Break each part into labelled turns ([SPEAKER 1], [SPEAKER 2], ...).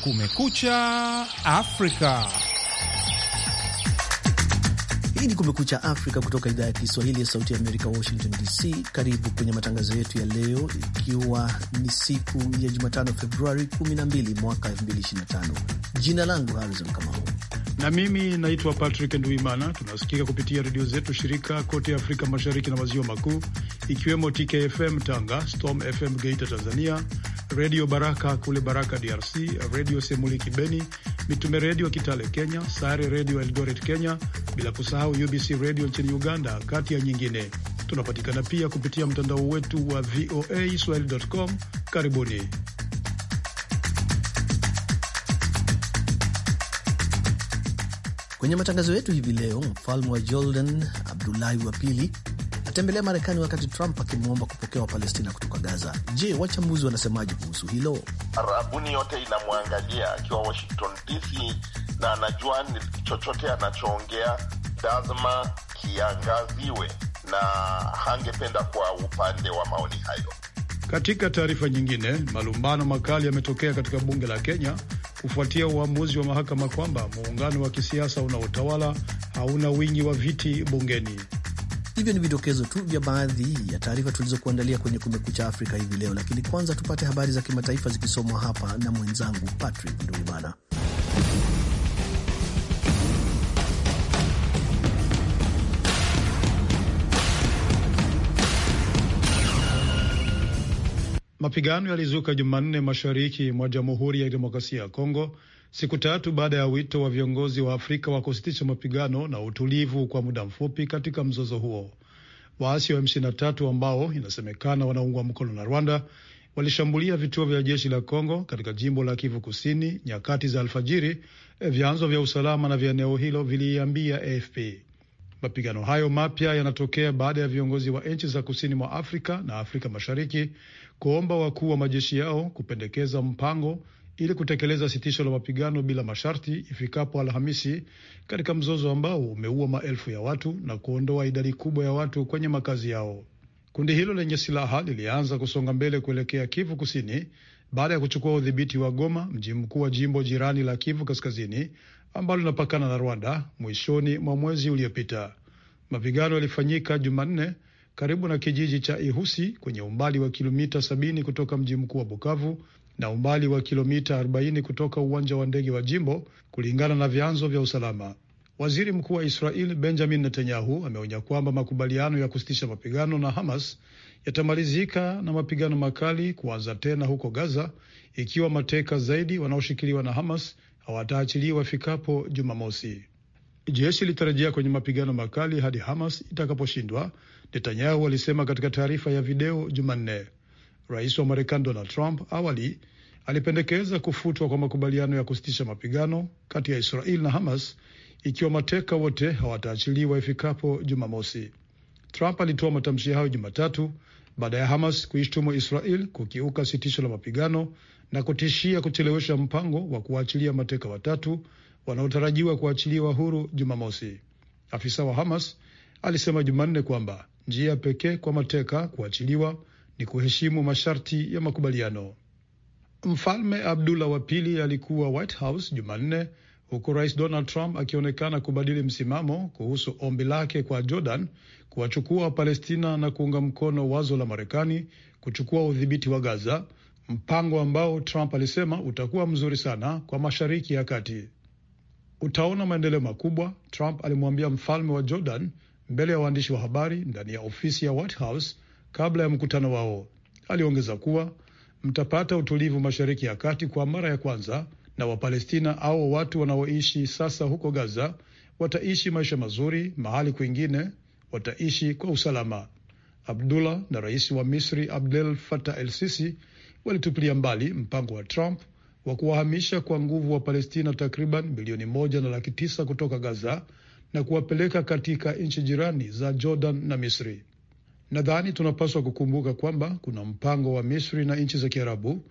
[SPEAKER 1] Kumekucha Afrika. Hii ni Kumekucha Afrika kutoka idhaa ya Kiswahili ya Sauti ya Amerika, Washington DC. Karibu kwenye matangazo yetu ya leo, ikiwa ni siku ya Jumatano, Februari 12 mwaka 2025. Jina langu Harrison Kamau
[SPEAKER 2] na mimi naitwa Patrick Nduimana. Tunasikika kupitia redio zetu shirika kote Afrika Mashariki na Maziwa Makuu, ikiwemo TKFM Tanga, Storm FM Geita Tanzania, Redio Baraka kule Baraka DRC, Redio Semuliki Beni, Mitume Redio Kitale Kenya, sare Redio Eldoret Kenya, bila kusahau UBC Redio nchini Uganda, kati ya nyingine. Tunapatikana pia kupitia mtandao wetu wa VOA swahili.com. Karibuni.
[SPEAKER 1] Kwenye matangazo yetu hivi leo, mfalme wa Jordan Abdulahi wa pili atembelea Marekani wakati Trump akimwomba kupokea Wapalestina kutoka Gaza. Je, wachambuzi wanasemaje kuhusu hilo?
[SPEAKER 3] Arabuni yote inamwangalia akiwa Washington DC na anajua chochote anachoongea lazima kiangaziwe na hangependa kwa upande wa maoni hayo.
[SPEAKER 2] Katika taarifa nyingine, malumbano makali yametokea katika bunge la Kenya kufuatia uamuzi wa mahakama kwamba muungano wa kisiasa unaotawala hauna wingi wa viti bungeni. Hivyo ni vidokezo tu vya
[SPEAKER 1] baadhi ya taarifa tulizokuandalia kwenye Kumekucha Afrika hivi leo, lakini kwanza tupate habari za kimataifa zikisomwa hapa na mwenzangu Patrick Nduimana.
[SPEAKER 2] Mapigano yalizuka Jumanne mashariki mwa Jamhuri ya Demokrasia ya Kongo siku tatu baada ya wito wa viongozi wa Afrika wa kusitisha mapigano na utulivu kwa muda mfupi katika mzozo huo. Waasi wa M23 ambao inasemekana wanaungwa mkono na Rwanda walishambulia vituo vya jeshi la Kongo katika jimbo la Kivu Kusini nyakati za alfajiri, e, vyanzo vya usalama na vya eneo hilo viliiambia AFP. Mapigano hayo mapya yanatokea baada ya viongozi wa nchi za kusini mwa Afrika na Afrika Mashariki kuomba wakuu wa majeshi yao kupendekeza mpango ili kutekeleza sitisho la mapigano bila masharti ifikapo Alhamisi katika mzozo ambao umeua maelfu ya watu na kuondoa idadi kubwa ya watu kwenye makazi yao. Kundi hilo lenye silaha lilianza kusonga mbele kuelekea Kivu Kusini baada ya kuchukua udhibiti wa Goma, mji mkuu wa jimbo jirani la Kivu Kaskazini ambalo linapakana na Rwanda mwishoni mwa mwezi uliopita. Mapigano yalifanyika Jumanne karibu na kijiji cha Ihusi kwenye umbali wa kilomita sabini kutoka mji mkuu wa Bukavu na umbali wa kilomita 40 kutoka uwanja wa ndege wa jimbo, kulingana na vyanzo vya usalama. Waziri mkuu wa Israel Benjamin Netanyahu ameonya kwamba makubaliano ya kusitisha mapigano na Hamas yatamalizika na mapigano makali kuanza tena huko Gaza ikiwa mateka zaidi wanaoshikiliwa na Hamas hawataachiliwa ifikapo Jumamosi. Jeshi litarejea kwenye mapigano makali hadi Hamas itakaposhindwa, Netanyahu alisema katika taarifa ya video Jumanne. Rais wa Marekani Donald Trump awali alipendekeza kufutwa kwa makubaliano ya kusitisha mapigano kati ya Israel na Hamas ikiwa mateka wote hawataachiliwa ifikapo Jumamosi. Trump alitoa matamshi hayo Jumatatu baada ya Hamas kuishtumu Israel kukiuka sitisho la mapigano na kutishia kuchelewesha mpango wa kuwaachilia mateka watatu wanaotarajiwa kuachiliwa huru Jumamosi. Afisa wa Hamas alisema Jumanne kwamba Njia pekee kwa mateka kuachiliwa ni kuheshimu masharti ya makubaliano. Mfalme Abdullah wa pili alikuwa White House Jumanne, huku Rais Donald Trump akionekana kubadili msimamo kuhusu ombi lake kwa Jordan kuwachukua Wapalestina na kuunga mkono wazo la Marekani kuchukua udhibiti wa Gaza, mpango ambao Trump alisema utakuwa mzuri sana kwa Mashariki ya Kati. Utaona maendeleo makubwa, Trump alimwambia mfalme wa Jordan mbele ya waandishi wa habari ndani ya ofisi ya White House kabla ya mkutano wao. Aliongeza kuwa mtapata utulivu Mashariki ya Kati kwa mara ya kwanza na Wapalestina au watu wanaoishi sasa huko Gaza wataishi maisha mazuri, mahali kwingine wataishi kwa usalama. Abdullah na rais wa Misri Abdel Fattah El Sisi walitupilia mbali mpango wa Trump wa kuwahamisha kwa nguvu wa Palestina takriban milioni moja na laki tisa kutoka Gaza na kuwapeleka katika nchi jirani za Jordan na Misri. Nadhani tunapaswa kukumbuka kwamba kuna mpango wa Misri na nchi za Kiarabu.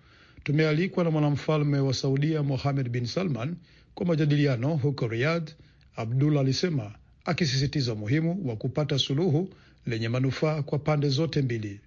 [SPEAKER 2] Tumealikwa na mwanamfalme wa Saudia Mohamed bin Salman kwa majadiliano huko Riyadh, Abdullah alisema, akisisitiza umuhimu wa kupata suluhu lenye manufaa kwa pande zote mbili.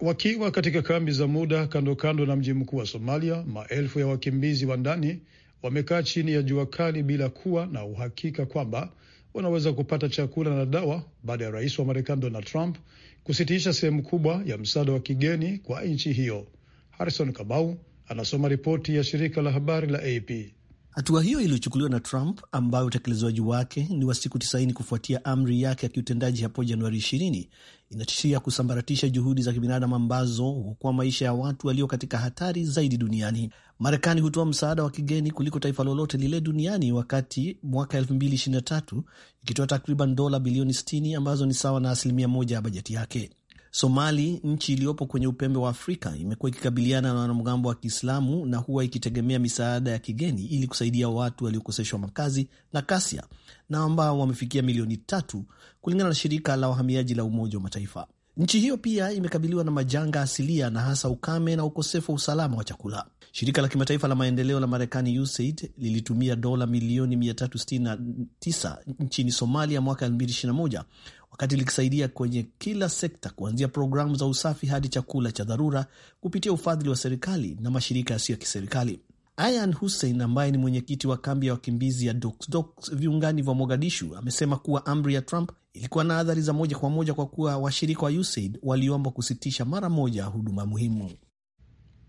[SPEAKER 2] Wakiwa katika kambi za muda kando kando na mji mkuu wa Somalia, maelfu ya wakimbizi wa ndani wamekaa chini ya jua kali bila kuwa na uhakika kwamba wanaweza kupata chakula na dawa baada ya rais wa Marekani Donald Trump kusitisha sehemu kubwa ya msaada wa kigeni kwa nchi hiyo. Harrison Kabau anasoma ripoti ya shirika la habari la AP. Hatua hiyo iliyochukuliwa na Trump ambayo utekelezwaji
[SPEAKER 1] wake ni wa siku 90 kufuatia amri yake ya kiutendaji hapo Januari 20 inatishia kusambaratisha juhudi za kibinadamu ambazo huokoa maisha ya watu walio katika hatari zaidi duniani. Marekani hutoa msaada wa kigeni kuliko taifa lolote lile duniani, wakati mwaka 2023 ikitoa takriban dola bilioni 60 ambazo ni sawa na asilimia moja ya bajeti yake. Somali, nchi iliyopo kwenye upembe wa Afrika, imekuwa ikikabiliana na wanamgambo wa Kiislamu na huwa ikitegemea misaada ya kigeni ili kusaidia watu waliokoseshwa makazi na kasia na ambao wamefikia milioni tatu kulingana na shirika la wahamiaji la Umoja wa Mataifa. Nchi hiyo pia imekabiliwa na majanga asilia na hasa ukame na ukosefu wa usalama wa chakula. Shirika la kimataifa la maendeleo la Marekani, USAID, lilitumia dola milioni 369 nchini Somalia mwaka 2021 wakati likisaidia kwenye kila sekta, kuanzia programu za usafi hadi chakula cha dharura kupitia ufadhili wa serikali na mashirika yasiyo ya kiserikali. Ayan Hussein ambaye ni mwenyekiti wa kambi ya wakimbizi ya Doxdox viungani vya Mogadishu amesema kuwa amri ya Trump ilikuwa na athari za moja kwa moja kwa kuwa washirika wa
[SPEAKER 2] USAID waliomba kusitisha mara moja huduma muhimu.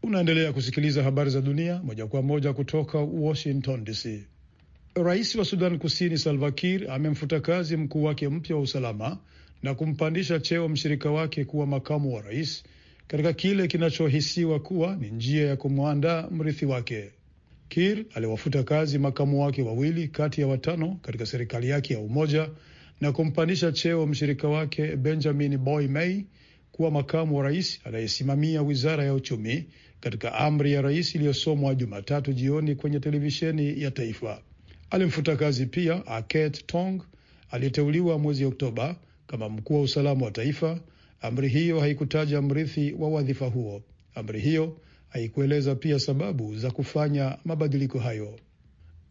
[SPEAKER 2] Unaendelea kusikiliza habari za dunia moja kwa moja kutoka Washington DC. Rais wa Sudan Kusini Salva Kiir amemfuta kazi mkuu wake mpya wa usalama na kumpandisha cheo mshirika wake kuwa makamu wa rais katika kile kinachohisiwa kuwa ni njia ya kumwandaa mrithi wake. Kiir aliwafuta kazi makamu wake wawili kati ya watano katika serikali yake ya umoja na kumpandisha cheo mshirika wake Benjamin Boy May kuwa makamu wa rais anayesimamia wizara ya uchumi katika amri ya rais iliyosomwa Jumatatu jioni kwenye televisheni ya taifa. Alimfuta kazi pia Aket Tong aliyeteuliwa mwezi Oktoba kama mkuu wa usalama wa taifa. Amri hiyo haikutaja mrithi wa wadhifa huo. Amri hiyo haikueleza pia sababu za kufanya mabadiliko hayo.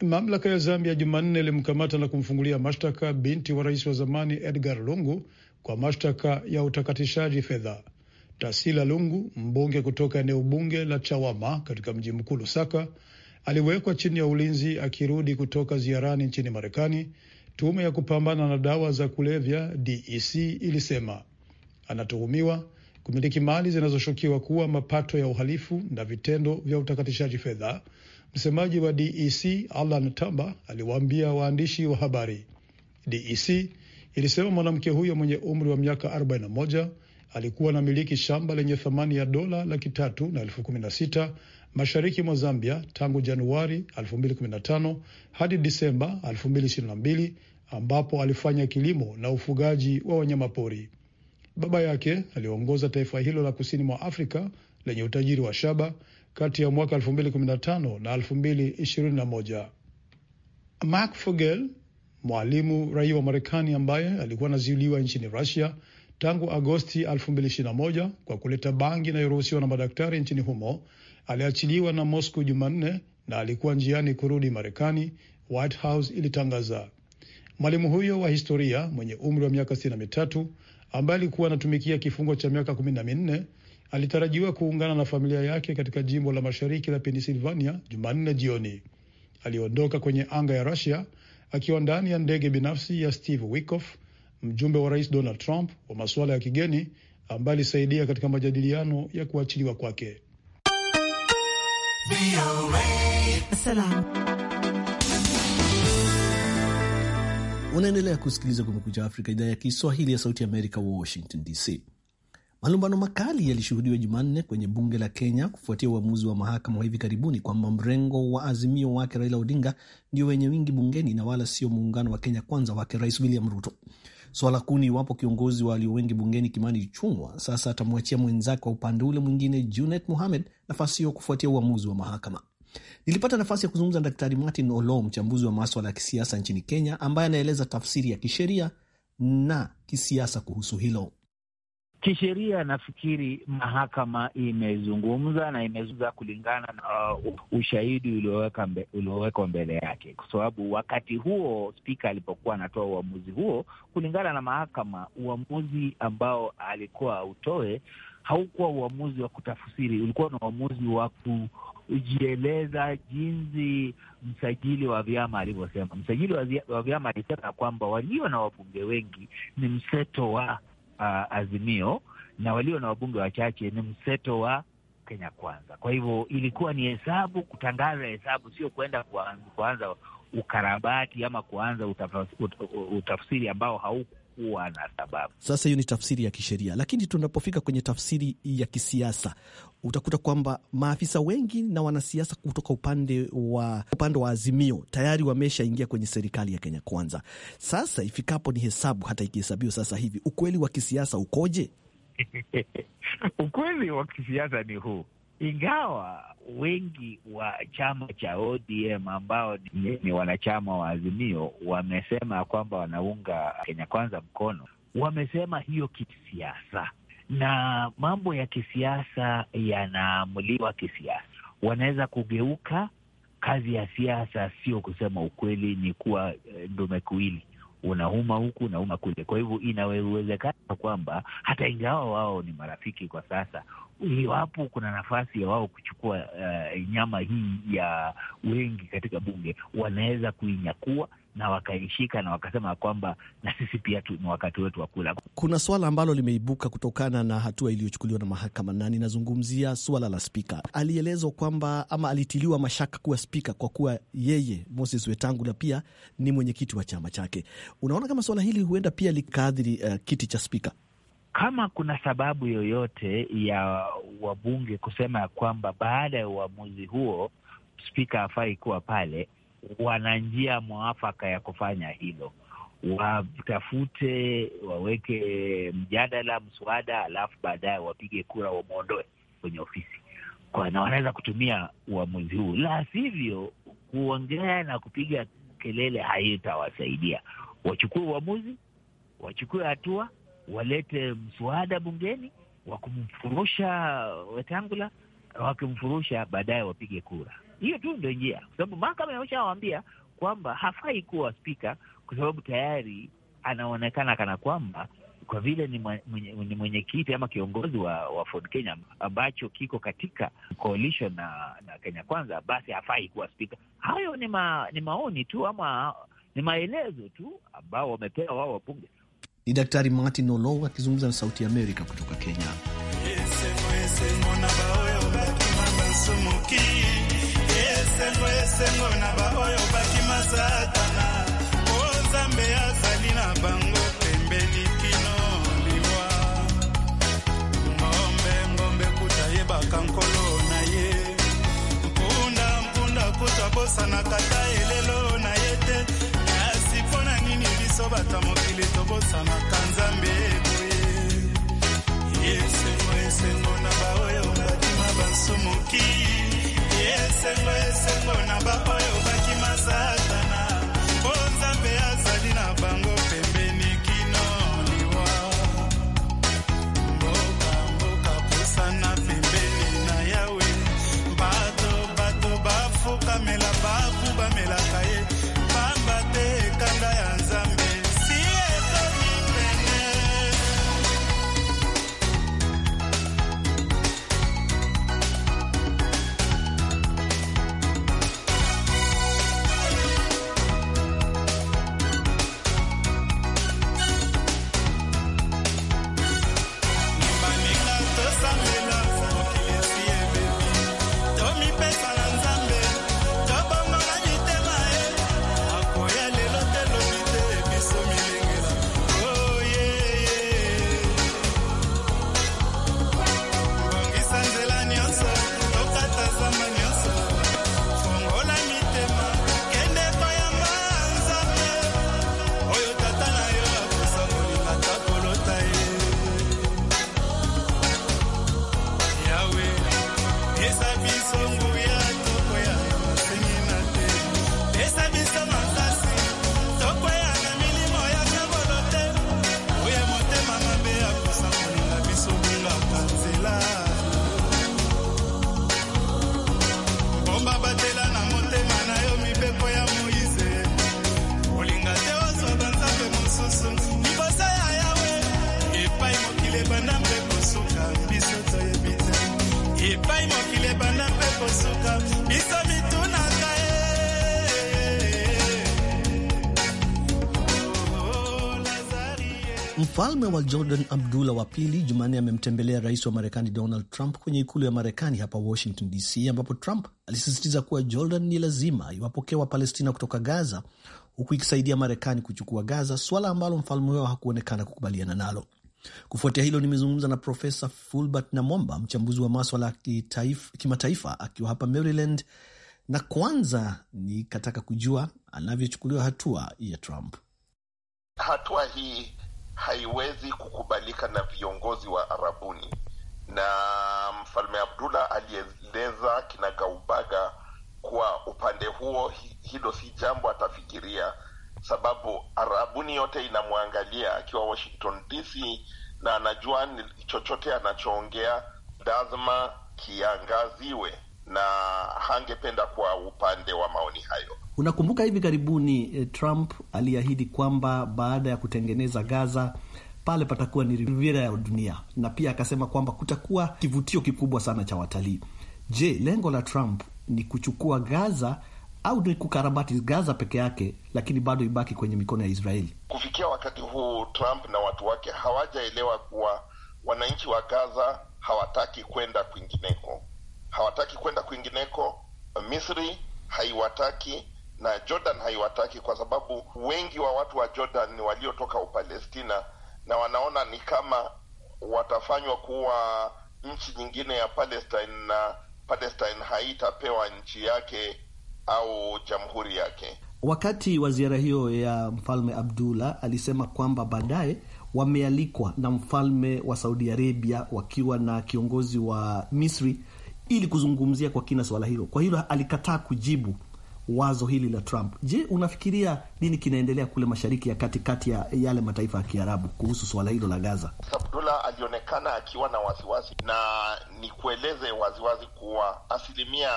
[SPEAKER 2] Mamlaka ya Zambia Jumanne ilimkamata na kumfungulia mashtaka binti wa rais wa zamani Edgar Lungu kwa mashtaka ya utakatishaji fedha. Tasila Lungu, mbunge kutoka eneo bunge la Chawama katika mji mkuu Lusaka, aliwekwa chini ya ulinzi akirudi kutoka ziarani nchini Marekani. Tume ya kupambana na dawa za kulevya DEC ilisema anatuhumiwa kumiliki mali zinazoshukiwa kuwa mapato ya uhalifu na vitendo vya utakatishaji fedha Msemaji wa DEC Alan Tamba aliwaambia waandishi wa habari. DEC ilisema mwanamke huyo mwenye umri wa miaka 41 alikuwa anamiliki shamba lenye thamani ya dola laki tatu na elfu kumi na sita mashariki mwa Zambia tangu Januari 2015 hadi Disemba 2022 ambapo alifanya kilimo na ufugaji wa wanyamapori. Baba yake aliongoza taifa hilo la kusini mwa Afrika lenye utajiri wa shaba kati ya mwaka 2015 na 2021. Mark Fogel, mwalimu raia wa Marekani ambaye alikuwa anazuiliwa nchini Russia tangu Agosti 2021 kwa kuleta bangi inayoruhusiwa na madaktari nchini humo, aliachiliwa na Moscow Jumanne na alikuwa njiani kurudi Marekani, White House ilitangaza. Mwalimu huyo wa historia mwenye umri wa miaka 63 ambaye alikuwa anatumikia kifungo cha miaka kumi alitarajiwa kuungana na familia yake katika jimbo la mashariki la Pennsylvania Jumanne jioni. Aliondoka kwenye anga ya Russia akiwa ndani ya ndege binafsi ya Steve Witkoff, mjumbe wa rais Donald Trump wa masuala ya kigeni, ambaye alisaidia katika majadiliano ya kuachiliwa kwake.
[SPEAKER 1] Unaendelea kusikiliza Kumekucha Afrika, idhaa ya Kiswahili ya Sauti ya Amerika, Washington DC. Malumbano makali yalishuhudiwa Jumanne kwenye bunge la Kenya kufuatia uamuzi wa mahakama wa hivi karibuni kwamba mrengo wa Azimio wake Raila Odinga ndio wenye wingi bungeni na wala sio muungano wa Kenya Kwanza wake Rais William Ruto. Swala kuu ni iwapo kiongozi wa walio wengi bungeni Kimani Ichung'wa sasa atamwachia mwenzake wa upande ule mwingine Junet Mohamed nafasi hiyo kufuatia uamuzi wa mahakama. Nilipata nafasi ya kuzungumza na Daktari Martin Olo, mchambuzi wa maswala ya kisiasa nchini Kenya, ambaye anaeleza tafsiri ya kisheria na kisiasa kuhusu hilo.
[SPEAKER 4] Kisheria nafikiri mahakama imezungumza na imezungumza kulingana na uh, ushahidi uliowekwa mbe, mbele yake, kwa sababu wakati huo spika alipokuwa anatoa uamuzi huo, kulingana na mahakama, uamuzi ambao alikuwa autoe haukuwa uamuzi wa kutafsiri, ulikuwa na uamuzi wa kujieleza jinsi msajili wa vyama alivyosema. Msajili wa vyama alisema kwamba walio na wabunge wengi ni mseto wa uh, Azimio na walio na wabunge wachache ni mseto wa Kenya Kwanza. Kwa hivyo ilikuwa ni hesabu, kutangaza hesabu, sio kwenda kuanza ukarabati ama kuanza utafsiri ambao hauko kuwa na sababu.
[SPEAKER 1] Sasa hiyo ni tafsiri ya kisheria, lakini tunapofika kwenye tafsiri ya kisiasa utakuta kwamba maafisa wengi na wanasiasa kutoka upande wa upande wa Azimio tayari wameshaingia kwenye serikali ya Kenya Kwanza. Sasa ifikapo ni hesabu, hata ikihesabiwa sasa hivi, ukweli wa kisiasa ukoje?
[SPEAKER 4] ukweli wa kisiasa ni huu ingawa wengi wa chama cha ODM ambao ni, ni wanachama wa Azimio wamesema kwamba wanaunga Kenya Kwanza mkono, wamesema hiyo kisiasa na mambo ya kisiasa yanaamuliwa kisiasa. Wanaweza kugeuka. Kazi ya siasa sio kusema ukweli, ni kuwa eh, ndume unauma huku unauma kule. Kwa hivyo inawezekana kwamba hata ingawa wao ni marafiki kwa sasa, iwapo kuna nafasi ya wao kuchukua uh, nyama hii ya wengi katika bunge, wanaweza kuinyakua na wakaishika na wakasema kwamba na sisi pia ni wakati wetu wa kula.
[SPEAKER 1] Kuna swala ambalo limeibuka kutokana na hatua iliyochukuliwa na mahakama, na ninazungumzia swala la spika. Alielezwa kwamba ama alitiliwa mashaka kuwa spika kwa kuwa yeye Moses Wetangula pia ni mwenyekiti wa chama chake. Unaona kama swala hili huenda pia likaadhiri uh, eh, kiti cha spika kama kuna
[SPEAKER 4] sababu yoyote ya wabunge kusema ya kwamba baada ya uamuzi huo spika hafai kuwa pale, wana njia mwafaka ya kufanya hilo. Watafute, waweke mjadala, mswada, alafu baadaye wapige kura, wamwondoe kwenye ofisi, na wanaweza kutumia uamuzi huu. La sivyo, kuongea na kupiga kelele haitawasaidia. Wachukue uamuzi, wachukue hatua, walete mswada bungeni wa kumfurusha Wetangula. Wakimfurusha, baadaye wapige kura. Hiyo tu ndio njia, kwa sababu mahakama imeshawaambia kwamba hafai kuwa spika, kwa sababu tayari anaonekana kana kwamba kwa vile ni mwenyekiti mwenye ama kiongozi wa, wa Ford Kenya ambacho kiko katika coalition na, na Kenya Kwanza, basi hafai kuwa spika. Hayo ni, ma, ni maoni tu ama ni maelezo tu ambao wamepewa wao wabunge.
[SPEAKER 1] Ni Daktari Martin Olo akizungumza na Sauti ya Amerika kutoka
[SPEAKER 5] Kenya. esengo esengo na baoyo bakima satana o oh, nzambe azali na bango pembeni kino liwa ngombe ngombe kuta yebaka nkolo na ye mpunda mpunda kuta bosanaka ta
[SPEAKER 1] Mfalme wa Jordan Abdullah wa pili Jumanne amemtembelea rais wa Marekani Donald Trump kwenye ikulu ya Marekani hapa Washington DC, ambapo Trump alisisitiza kuwa Jordan ni lazima iwapokea Wapalestina kutoka Gaza, huku ikisaidia Marekani kuchukua Gaza, suala ambalo mfalme huyo hakuonekana kukubaliana nalo. Kufuatia hilo, nimezungumza na Profesa Fulbert Namwamba, mchambuzi wa maswala ya kimataifa akiwa hapa Maryland, na kwanza nikataka kujua anavyochukuliwa hatua ya Trump.
[SPEAKER 3] Hatua hii haiwezi kukubalika na viongozi wa Arabuni, na Mfalme Abdullah alieleza kinagaubaga kwa upande huo, hilo si jambo atafikiria, sababu Arabuni yote inamwangalia akiwa Washington DC, na anajua chochote anachoongea lazima kiangaziwe na hangependa kwa upande
[SPEAKER 1] wa maoni hayo. Unakumbuka hivi karibuni eh, Trump aliahidi kwamba baada ya kutengeneza Gaza pale patakuwa ni riviera ya dunia, na pia akasema kwamba kutakuwa kivutio kikubwa sana cha watalii. Je, lengo la Trump ni kuchukua Gaza au ni kukarabati Gaza peke yake, lakini bado ibaki kwenye mikono ya Israeli? Kufikia wakati huu, Trump na watu wake hawajaelewa kuwa
[SPEAKER 3] wananchi wa Gaza hawataki kwenda kwingineko, hawataki kwenda kwingineko. Misri haiwataki, na Jordan haiwataki kwa sababu wengi wa watu wa Jordan ni waliotoka Upalestina na wanaona ni kama watafanywa kuwa nchi nyingine ya Palestine na Palestine haitapewa nchi yake au jamhuri
[SPEAKER 1] yake. Wakati wa ziara hiyo ya Mfalme Abdullah alisema kwamba baadaye wamealikwa na mfalme wa Saudi Arabia wakiwa na kiongozi wa Misri ili kuzungumzia kwa kina swala hilo. Kwa hilo alikataa kujibu wazo hili la Trump. Je, unafikiria nini kinaendelea kule mashariki ya kati kati ya yale mataifa ya Kiarabu kuhusu suala hilo la Gaza?
[SPEAKER 3] Abdullah alionekana akiwa na wasiwasi, na nikueleze waziwazi kuwa asilimia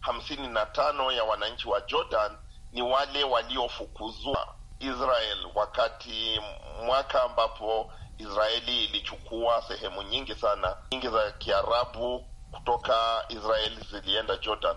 [SPEAKER 3] hamsini na tano ya wananchi wa Jordan ni wale waliofukuzwa Israel wakati mwaka ambapo Israeli ilichukua sehemu nyingi sana nyingi za Kiarabu kutoka Israeli zilienda Jordan.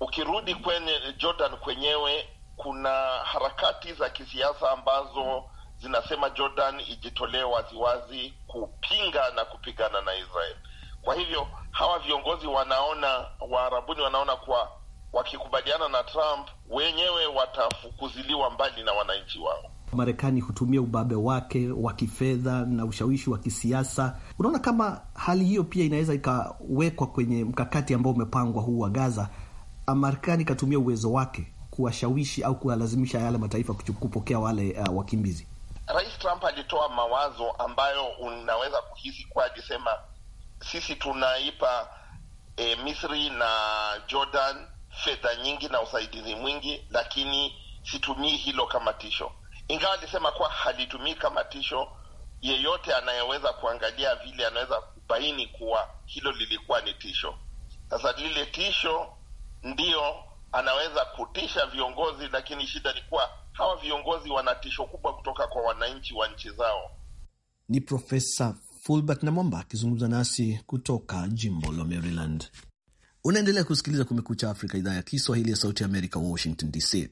[SPEAKER 3] Ukirudi kwenye eh, Jordan kwenyewe, kuna harakati za kisiasa ambazo zinasema Jordan ijitolee waziwazi kupinga na kupigana na Israel. Kwa hivyo hawa viongozi wanaona, Waarabuni wanaona kuwa wakikubaliana na Trump wenyewe watafukuziliwa mbali na wananchi wao.
[SPEAKER 1] Marekani hutumia ubabe wake wa kifedha na ushawishi wa kisiasa. Unaona kama hali hiyo pia inaweza ikawekwa kwenye mkakati ambao umepangwa huu wa Gaza Marekani ikatumia uwezo wake kuwashawishi au kuwalazimisha yale mataifa kupokea wale uh, wakimbizi.
[SPEAKER 3] Rais Trump alitoa mawazo ambayo unaweza kuhisi kuwa alisema sisi tunaipa e, Misri na Jordan fedha nyingi na usaidizi mwingi, lakini situmii hilo kama tisho, ingawa alisema kuwa halitumii kama tisho. Yeyote anayeweza kuangalia vile anaweza kubaini kuwa hilo lilikuwa ni tisho. Sasa lile tisho ndiyo anaweza kutisha viongozi, lakini shida ni kuwa hawa
[SPEAKER 1] viongozi wana tisho kubwa kutoka kwa wananchi wa nchi zao. Ni Profesa Fulbert Namwamba akizungumza nasi kutoka jimbo la Maryland. Unaendelea kusikiliza Kumekucha Afrika, idhaa ya Kiswahili ya Sauti ya Amerika, Washington DC.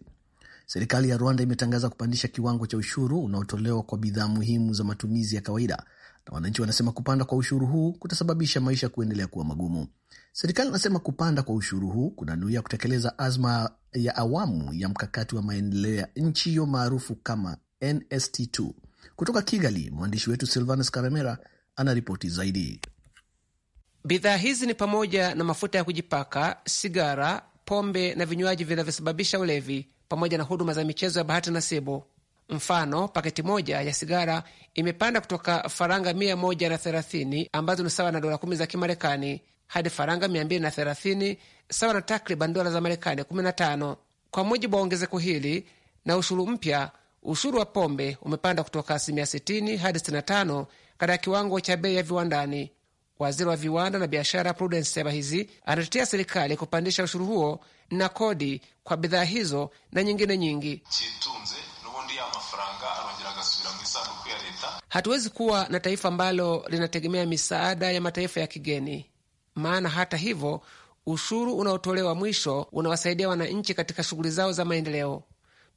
[SPEAKER 1] Serikali ya Rwanda imetangaza kupandisha kiwango cha ushuru unaotolewa kwa bidhaa muhimu za matumizi ya kawaida na wananchi wanasema kupanda kwa ushuru huu kutasababisha maisha kuendelea kuwa magumu. Serikali inasema kupanda kwa ushuru huu kunanuia kutekeleza azma ya awamu ya mkakati wa maendeleo ya nchi hiyo maarufu kama NST2. Kutoka Kigali, mwandishi wetu Silvanus Karemera anaripoti zaidi.
[SPEAKER 6] Bidhaa hizi ni pamoja na mafuta ya kujipaka, sigara, pombe na vinywaji vinavyosababisha ulevi pamoja na huduma za michezo ya bahati nasibu. Mfano, paketi moja ya sigara imepanda kutoka faranga mia moja na thelathini ambazo ni sawa na dola kumi za Kimarekani hadi faranga mia mbili na thelathini sawa na takriban dola za Marekani kumi na tano. Kwa mujibu wa ongezeko hili na ushuru mpya, ushuru wa pombe umepanda kutoka asilimia 60 hadi 65 katika kiwango cha bei ya viwandani. Waziri wa viwanda na biashara Prudence Sebahizi anatetea serikali kupandisha ushuru huo na kodi kwa bidhaa hizo na nyingine nyingi Chitunze. Hatuwezi kuwa na taifa ambalo linategemea misaada ya mataifa ya kigeni, maana hata hivyo ushuru unaotolewa mwisho unawasaidia wananchi katika shughuli zao za maendeleo.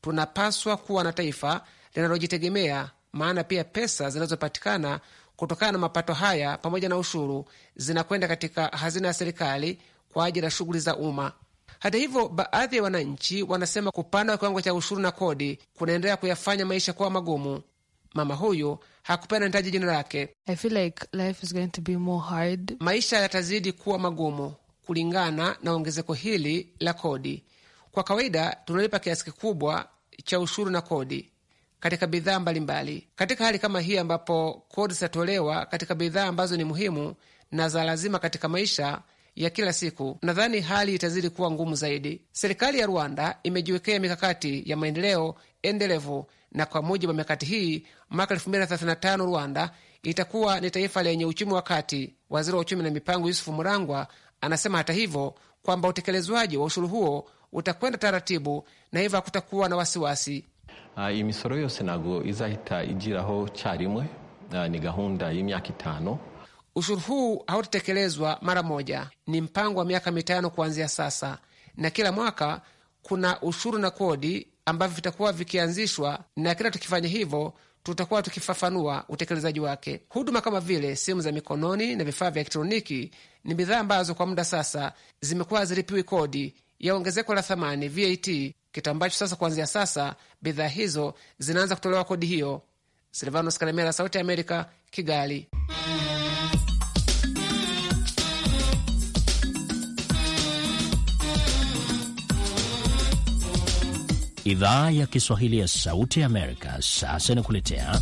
[SPEAKER 6] Tunapaswa kuwa na taifa linalojitegemea, maana pia pesa zinazopatikana kutokana na mapato haya pamoja na ushuru zinakwenda katika hazina ya serikali kwa ajili ya shughuli za umma. Hata hivyo, baadhi ya wananchi wanasema kupanda kwa kiwango cha ushuru na kodi kunaendelea kuyafanya maisha kuwa magumu mama huyu hakupenda nitaje jina lake. I feel like life is going to be more hard. Maisha yatazidi kuwa magumu kulingana na ongezeko hili la kodi. Kwa kawaida tunalipa kiasi kikubwa cha ushuru na kodi katika bidhaa mbalimbali. Katika hali kama hii ambapo kodi zitatolewa katika bidhaa ambazo ni muhimu na za lazima katika maisha ya kila siku, nadhani hali itazidi kuwa ngumu zaidi. Serikali ya Rwanda imejiwekea mikakati ya maendeleo endelevu na kwa mujibu wa mikakati hii, mwaka 2035 Rwanda itakuwa ni taifa lenye uchumi wa kati. Waziri wa uchumi na mipango Yusufu Murangwa anasema hata hivyo kwamba utekelezwaji wa ushuru huo utakwenda taratibu na hivyo hakutakuwa na wasiwasi. Uh, ah, imisoro yose nago izahita ijiraho charimwe uh, ni gahunda y'imyaka itano. Ushuru huu hautatekelezwa mara moja, ni mpango wa miaka mitano kuanzia sasa, na kila mwaka kuna ushuru na kodi ambavyo vitakuwa vikianzishwa, na kila tukifanya hivyo tutakuwa tukifafanua utekelezaji wake. Huduma kama vile simu za mikononi na vifaa vya elektroniki ni bidhaa ambazo kwa muda sasa zimekuwa hazilipiwi kodi ya ongezeko la thamani VAT, kitu ambacho sasa kuanzia sasa bidhaa hizo zinaanza kutolewa kodi hiyo. Silvanos Kalemera, Sauti ya Amerika, Kigali.
[SPEAKER 4] Idhaa ya Kiswahili ya Sauti ya Amerika sasa
[SPEAKER 1] inakuletea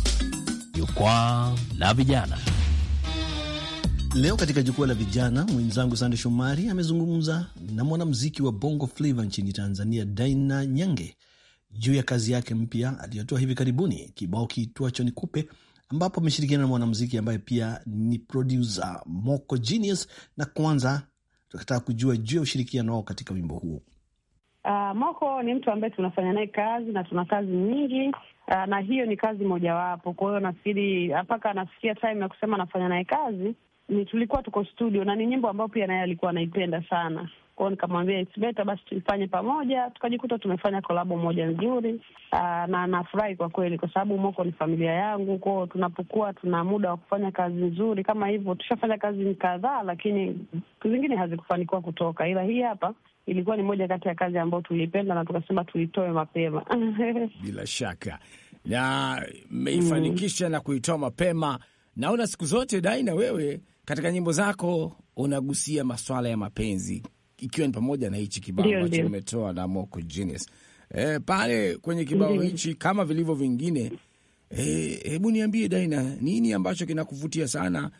[SPEAKER 1] Jukwaa la Vijana. Leo katika Jukwaa la Vijana, mwenzangu Sande Shomari amezungumza na mwanamuziki wa Bongo Flava nchini Tanzania, Daina Nyange, juu ya kazi yake mpya aliyotoa hivi karibuni, kibao kiitwacho Kupe, ambapo ameshirikiana na mwanamuziki ambaye pia ni produsa Moko Genius, na kwanza tukataka kujua juu ya ushirikiano wao katika wimbo huo.
[SPEAKER 7] Uh, Moko ni mtu ambaye tunafanya naye kazi na tuna kazi nyingi uh, na hiyo ni kazi mojawapo. Kwa hiyo nafikiri mpaka anafikia time ya kusema anafanya naye kazi ni tulikuwa tuko studio, na ni nyimbo ambayo pia naye alikuwa anaipenda sana. Kwa hiyo nikamwambia it's better basi tuifanye pamoja, tukajikuta tumefanya kolabo moja nzuri. Aa, ah, na nafurahi kwa kweli, kwa sababu Moko ni familia yangu. Kwa hiyo tunapokuwa tuna muda wa kufanya kazi nzuri kama hivyo, tushafanya kazi kadhaa, lakini zingine hazikufanikiwa kutoka, ila hii hapa ilikuwa ni moja kati ya kazi ambayo tulipenda na tukasema tuitoe mapema
[SPEAKER 8] bila shaka na mmeifanikisha mm, na kuitoa mapema. Naona siku zote dai na wewe katika nyimbo zako unagusia maswala ya mapenzi, ikiwa ni pamoja na hichi kibao ambacho umetoa na Moko Genius. E, pale kwenye kibao hichi kama vilivyo vingine, e, hebu e, niambie Daina, nini ambacho kinakuvutia sana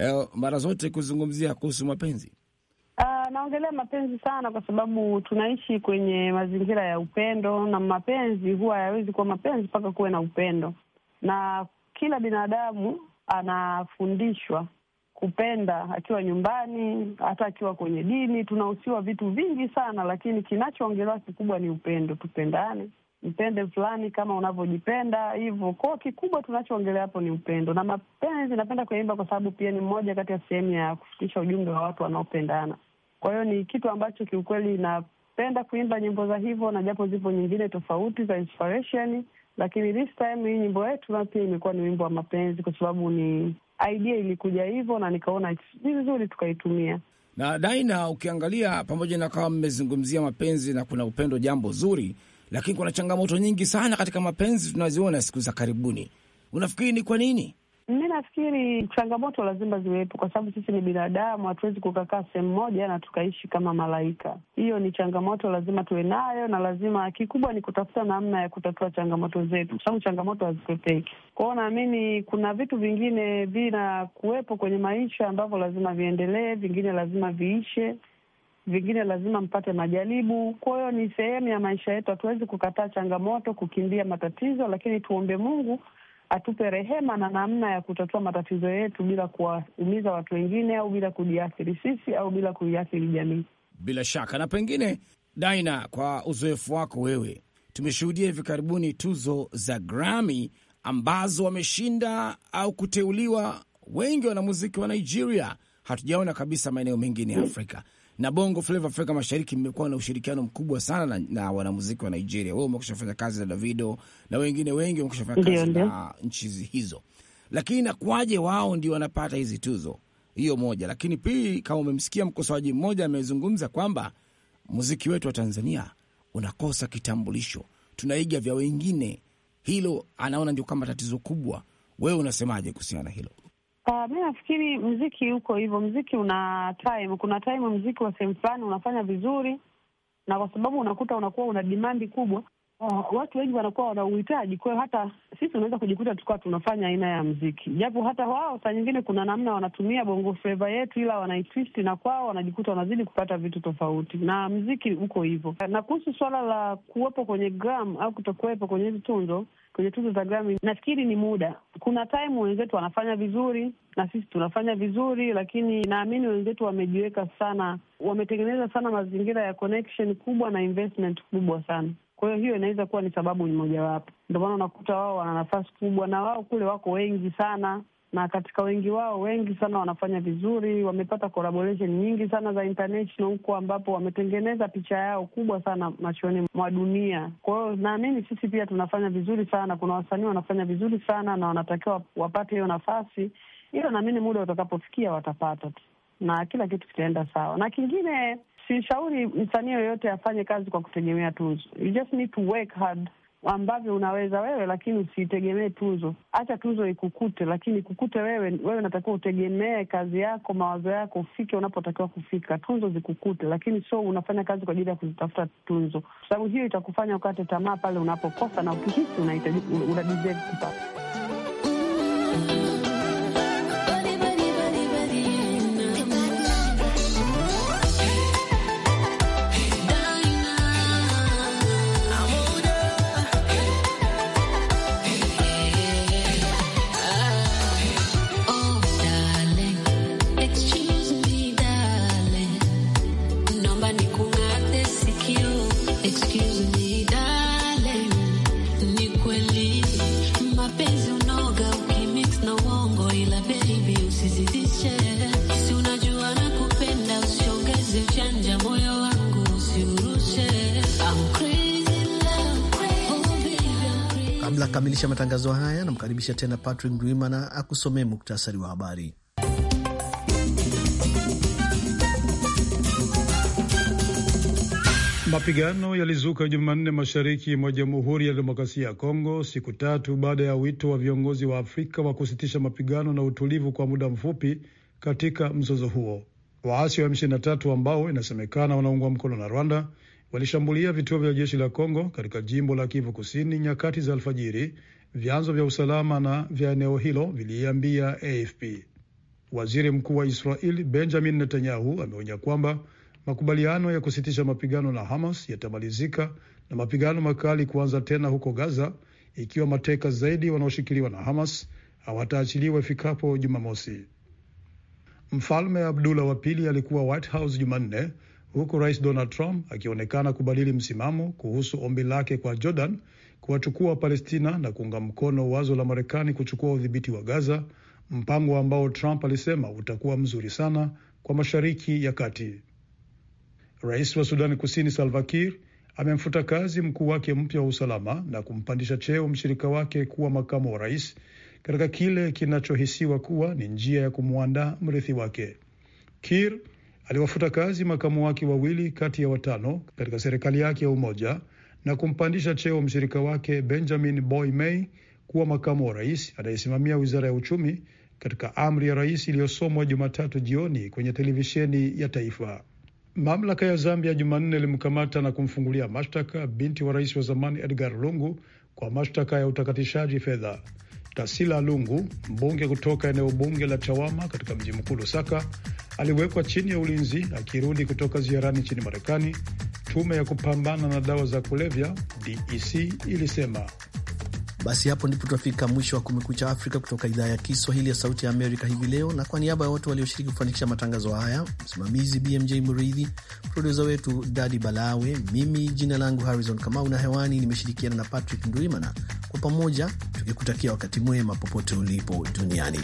[SPEAKER 8] e, mara zote kuzungumzia kuhusu mapenzi?
[SPEAKER 7] naongelea mapenzi sana, kwa sababu tunaishi kwenye mazingira ya upendo, na mapenzi huwa hayawezi kuwa mapenzi mpaka kuwe na upendo, na kila binadamu anafundishwa kupenda akiwa nyumbani, hata akiwa kwenye dini. Tunahusiwa vitu vingi sana, lakini kinachoongelewa kikubwa ni upendo. Tupendane, mpende fulani kama unavyojipenda hivyo. ko kikubwa tunachoongelea hapo ni upendo na mapenzi. Napenda kuimba kwa sababu pia ni mmoja kati ya sehemu ya kufikisha ujumbe wa watu wanaopendana. Kwa hiyo ni kitu ambacho kiukweli napenda kuimba nyimbo za hivyo, na japo zipo nyingine tofauti za inspiration, lakini this time hii nyimbo yetu na pia imekuwa ni wimbo wa mapenzi, kwa sababu ni idea ilikuja hivyo na nikaona ni vizuri tukaitumia.
[SPEAKER 8] Na Daina, ukiangalia pamoja na kama mmezungumzia mapenzi na kuna upendo, jambo zuri, lakini kuna changamoto nyingi sana katika mapenzi tunaziona siku za karibuni. Unafikiri ni kwa nini?
[SPEAKER 7] Mi nafikiri changamoto lazima ziwepo, kwa sababu sisi ni binadamu, hatuwezi kukakaa sehemu moja na tukaishi kama malaika. Hiyo ni changamoto lazima tuwe nayo, na lazima kikubwa ni kutafuta namna ya kutatua changamoto zetu, kwa sababu changamoto hazikwepeki. Kwa naamini kuna vitu vingine vina kuwepo kwenye maisha ambavyo lazima viendelee, vingine lazima viishe vingine lazima mpate majaribu. Kwa hiyo ni sehemu ya maisha yetu, hatuwezi kukataa changamoto, kukimbia matatizo, lakini tuombe Mungu atupe rehema na namna ya kutatua matatizo yetu bila kuwaumiza watu wengine au bila kujiathiri sisi au bila kuiathiri jamii.
[SPEAKER 8] Bila shaka. Na pengine, Daina, kwa uzoefu wako wewe, tumeshuhudia hivi karibuni tuzo za Grammy ambazo wameshinda au kuteuliwa wengi wanamuziki wa Nigeria, hatujaona kabisa maeneo mengine ya Afrika na Bongo Flava Afrika Mashariki mmekuwa na ushirikiano mkubwa sana na, na wanamuziki wa Nigeria. Wewe umekusha fanya kazi na Davido na wengine wengi wamekusha fanya kazi ndiyo, na nchi hizo, lakini nakuwaje wao ndio wanapata hizi tuzo? Hiyo moja, lakini pili, kama umemsikia mkosoaji mmoja amezungumza kwamba muziki wetu wa Tanzania unakosa kitambulisho, tunaiga vya wengine. Hilo anaona ndio kama tatizo kubwa. Wewe unasemaje kuhusiana na hilo?
[SPEAKER 7] Uh, ah, mi nafikiri mziki uko hivyo, mziki una time. Kuna time mziki wa sehemu fulani unafanya vizuri, na kwa sababu unakuta unakuwa una dimandi kubwa, uh, watu wengi wanakuwa wana uhitaji. Kwa hiyo hata sisi unaweza kujikuta tukawa tunafanya aina ya mziki, japo hata wao saa nyingine kuna namna wanatumia bongo fleva yetu, ila wanaitwist na kwao, wanajikuta wanazidi kupata vitu tofauti, na mziki uko hivyo. Na kuhusu swala la kuwepo kwenye gram au kutokuwepo kwenye hizi tunzo kwenye tuzo za Grammy, nafikiri ni muda. Kuna time wenzetu wanafanya vizuri na sisi tunafanya vizuri, lakini naamini wenzetu wamejiweka sana, wametengeneza sana mazingira ya connection kubwa na investment kubwa sana. Kwa hiyo hiyo inaweza kuwa ni sababu mojawapo, ndio maana unakuta wao wana nafasi kubwa, na wao kule wako wengi sana, na katika wengi wao wengi sana wanafanya vizuri, wamepata collaboration nyingi sana za international huko, ambapo wametengeneza picha yao kubwa sana machoni mwa dunia. Kwa hiyo naamini sisi pia tunafanya vizuri sana, kuna wasanii wanafanya vizuri sana na wanatakiwa wapate hiyo nafasi, ila naamini muda utakapofikia watapata tu na kila kitu kitaenda sawa. Na kingine sishauri msanii yoyote afanye kazi kwa kutegemea tuzo. You just need to work hard ambavyo unaweza wewe, lakini usitegemee tuzo. Acha tuzo ikukute, lakini ikukute wewe. Wewe unatakiwa utegemee kazi yako, mawazo yako, ufike unapotakiwa kufika. Tuzo zikukute, lakini so unafanya kazi kwa ajili ya kuzitafuta tuzo, kwa sababu hiyo itakufanya ukate tamaa pale unapokosa na ukihisi unahitaji una kupata
[SPEAKER 1] matangazo haya, namkaribisha tena Patrick Ndwimana akusomee muktasari wa habari.
[SPEAKER 2] Mapigano yalizuka Jumanne mashariki mwa Jamhuri ya Demokrasia ya Kongo, siku tatu baada ya wito wa viongozi wa Afrika wa kusitisha mapigano na utulivu kwa muda mfupi katika mzozo huo. Waasi wa M23 ambao inasemekana wanaungwa mkono na Rwanda walishambulia vituo vya jeshi la Kongo katika jimbo la Kivu Kusini nyakati za alfajiri vyanzo vya usalama na vya eneo hilo viliiambia AFP. Waziri mkuu wa Israel Benjamin Netanyahu ameonya kwamba makubaliano ya kusitisha mapigano na Hamas yatamalizika na mapigano makali kuanza tena huko Gaza ikiwa mateka zaidi wanaoshikiliwa na Hamas hawataachiliwa ifikapo Jumamosi. Mfalme Abdullah wa pili alikuwa White House Jumanne, huku Rais Donald Trump akionekana kubadili msimamo kuhusu ombi lake kwa Jordan kuwachukua Wapalestina na kuunga mkono wazo la Marekani kuchukua udhibiti wa Gaza, mpango ambao Trump alisema utakuwa mzuri sana kwa Mashariki ya Kati. Rais wa Sudani Kusini Salva Kiir amemfuta kazi mkuu wake mpya wa usalama na kumpandisha cheo mshirika wake kuwa makamu wa rais katika kile kinachohisiwa kuwa ni njia ya kumwandaa mrithi wake. Kiir aliwafuta kazi makamu wake wawili kati ya watano katika serikali yake ya umoja na kumpandisha cheo mshirika wake Benjamin Boy May kuwa makamu wa rais anayesimamia wizara ya uchumi katika amri ya rais iliyosomwa Jumatatu jioni kwenye televisheni ya taifa. Mamlaka ya Zambia Jumanne ilimkamata na kumfungulia mashtaka binti wa rais wa zamani Edgar Lungu kwa mashtaka ya utakatishaji fedha. Tasila Lungu, mbunge kutoka eneo bunge la Chawama katika mji mkuu Lusaka, aliwekwa chini ya ulinzi akirudi kutoka ziarani nchini Marekani tume ya kupambana na dawa za kulevya DEC ilisema. Basi hapo ndipo tunafika
[SPEAKER 1] mwisho wa Kumekucha Afrika kutoka idhaa ya Kiswahili ya Sauti ya Amerika hivi leo, na kwa niaba ya wote walioshiriki kufanikisha matangazo haya, msimamizi BMJ Mridhi, produsa wetu Dadi Balawe, mimi jina langu Harrison Kamau na hewani nimeshirikiana na Patrick Ndwimana, kwa pamoja tukikutakia wakati mwema popote ulipo duniani.